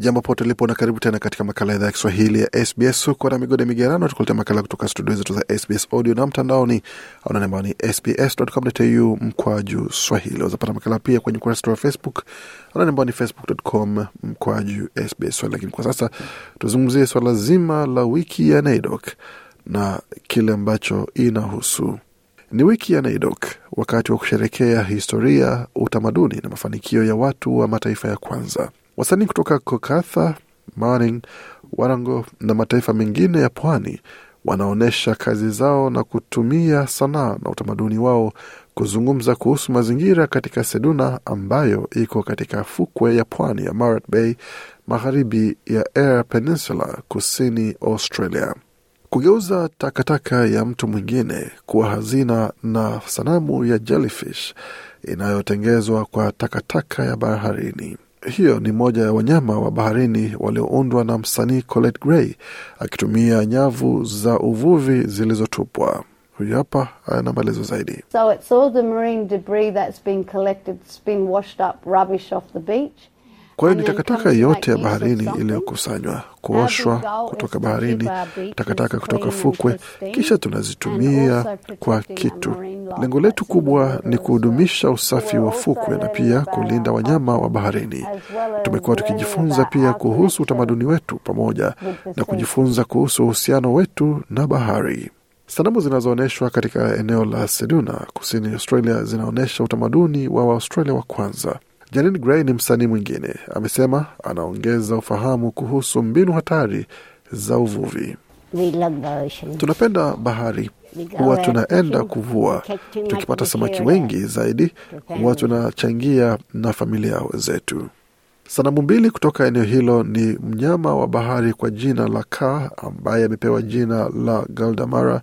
Jambo pote lipo na karibu tena katika makala idhaa ya Kiswahili ya SBS. huko na migode migerano, tukuletea makala kutoka studio zetu za SBS audio na mtandaoni, anwani ambayo ni sbs.com.au mkwaju swahili. Wazapata makala pia kwenye ukurasa wetu wa Facebook, anwani ambayo ni facebook.com mkwaju SBS swahili. Lakini kwa sasa tuzungumzie swala zima la wiki ya NAIDOC na kile ambacho inahusu ni wiki ya NAIDOC, wakati wa kusherekea historia, utamaduni na mafanikio ya watu wa mataifa ya kwanza. Wasanii kutoka Kokatha, Maning, Warango na mataifa mengine ya pwani wanaonyesha kazi zao na kutumia sanaa na utamaduni wao kuzungumza kuhusu mazingira katika Seduna ambayo iko katika fukwe ya pwani ya Marat Bay magharibi ya Eyre Peninsula kusini Australia. Kugeuza takataka ya mtu mwingine kuwa hazina na sanamu ya jellyfish inayotengezwa kwa takataka ya baharini hiyo ni moja ya wanyama wa baharini walioundwa na msanii Colette Gray akitumia nyavu za uvuvi zilizotupwa. Huyu hapa ana maelezo zaidi. So it's all the marine debris that's been collected, it's been washed up rubbish off the beach. Kwa hiyo ni takataka yote ya baharini iliyokusanywa, kuoshwa kutoka baharini, takataka kutoka fukwe, kisha tunazitumia kwa kitu. Lengo letu kubwa ni kuhudumisha usafi wa fukwe na pia kulinda wanyama wa baharini. Tumekuwa tukijifunza pia kuhusu utamaduni wetu pamoja na kujifunza kuhusu uhusiano wetu na bahari. Sanamu zinazoonyeshwa katika eneo la Seduna kusini Australia zinaonyesha utamaduni wa Waaustralia wa kwanza. Janin Grey ni msanii mwingine, amesema anaongeza ufahamu kuhusu mbinu hatari za uvuvi. Tunapenda bahari, huwa tunaenda kuvua. Tukipata samaki wengi zaidi, huwa tunachangia na familia zetu Sanamu mbili kutoka eneo hilo ni mnyama wa bahari kwa jina la kaa ambaye amepewa jina la Galdamara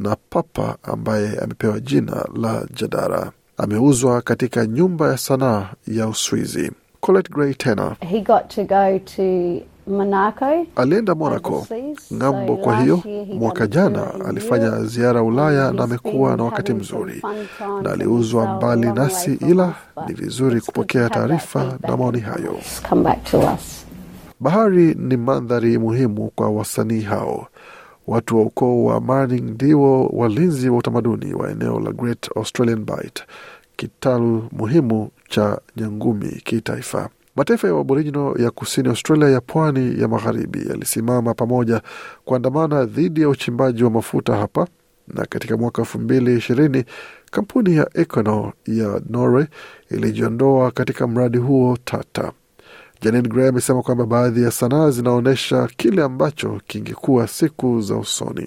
na papa ambaye amepewa jina la Jadara ameuzwa katika nyumba ya sanaa ya Uswizi. Colette Gray He got to go to Monaco, alienda Monaco ng'ambo. So kwa hiyo mwaka jana alifanya ziara Ulaya na amekuwa na wakati mzuri na aliuzwa mbali nasi, ila ni vizuri kupokea taarifa na maoni hayo. Bahari ni mandhari muhimu kwa wasanii hao. Watu wa ukoo wa Manning ndio walinzi wa utamaduni wa eneo la Great Australian Bight, kitalu muhimu cha nyangumi kitaifa. Mataifa ya Aborijino ya kusini Australia ya pwani ya magharibi yalisimama pamoja kuandamana dhidi ya uchimbaji wa mafuta hapa, na katika mwaka elfu mbili ishirini kampuni ya Equinor ya Norway ilijiondoa katika mradi huo tata. Janet Gray amesema kwamba baadhi ya sanaa zinaonyesha kile ambacho kingekuwa siku za usoni.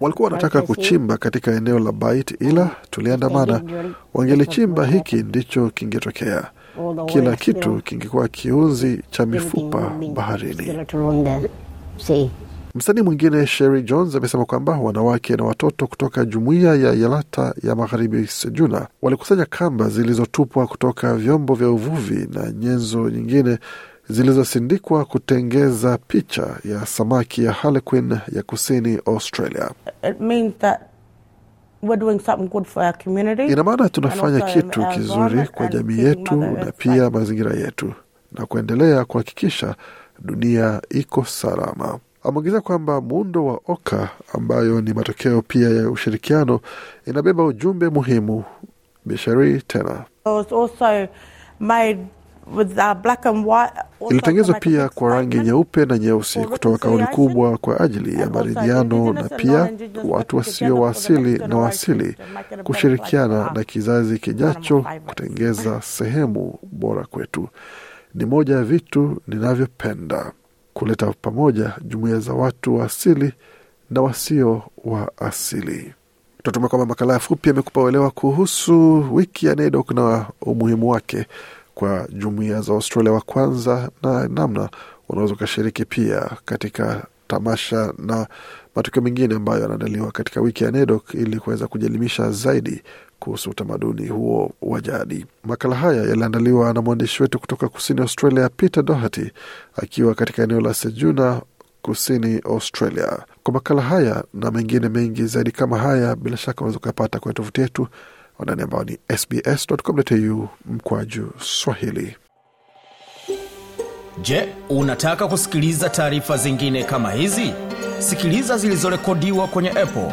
Walikuwa wanataka kuchimba katika eneo la Bait, ila tuliandamana. Wangelichimba, hiki ndicho kingetokea. Kila kitu kingekuwa kiunzi cha mifupa baharini. Msanii mwingine Sherry Jones amesema kwamba wanawake na watoto kutoka jumuiya ya Yalata ya magharibi Sejuna walikusanya kamba zilizotupwa kutoka vyombo vya uvuvi na nyenzo nyingine zilizosindikwa kutengeza picha ya samaki ya Harlequin ya kusini Australia. It means that We're doing something good for our community. Ina maana tunafanya kitu kizuri kwa jamii yetu na pia mazingira yetu na kuendelea kuhakikisha dunia iko salama. Ameongezea kwamba muundo wa oka ambayo ni matokeo pia ya ushirikiano inabeba ujumbe muhimu. Bishari tena uh, ilitangazwa pia kwa rangi nyeupe na nyeusi kutoa kauli kubwa kwa ajili ya maridhiano na pia watu wasio waasili na waasili kushirikiana na kizazi kijacho kutengeza sehemu bora kwetu. Ni moja ya vitu ninavyopenda kuleta pamoja jumuiya za watu wa asili na wasio wa asili. Tunatumia kwamba makala ya fupi amekupa uelewa kuhusu wiki ya NAIDOC na umuhimu wake kwa jumuiya za Australia wa kwanza na namna unaweza ukashiriki pia katika tamasha na matukio mengine ambayo yanaandaliwa katika wiki ya NAIDOC ili kuweza kujielimisha zaidi kuhusu utamaduni huo wa jadi. Makala haya yaliandaliwa na mwandishi wetu kutoka kusini Australia, Peter Doherty akiwa katika eneo la Sejuna kusini Australia. Kwa makala haya na mengine mengi zaidi kama haya, bila shaka unaweza ukayapata kwenye tovuti yetu wanani ambao ni sbs.com.au mkwaju Swahili. Je, unataka kusikiliza taarifa zingine kama hizi? Sikiliza zilizorekodiwa kwenye Apple,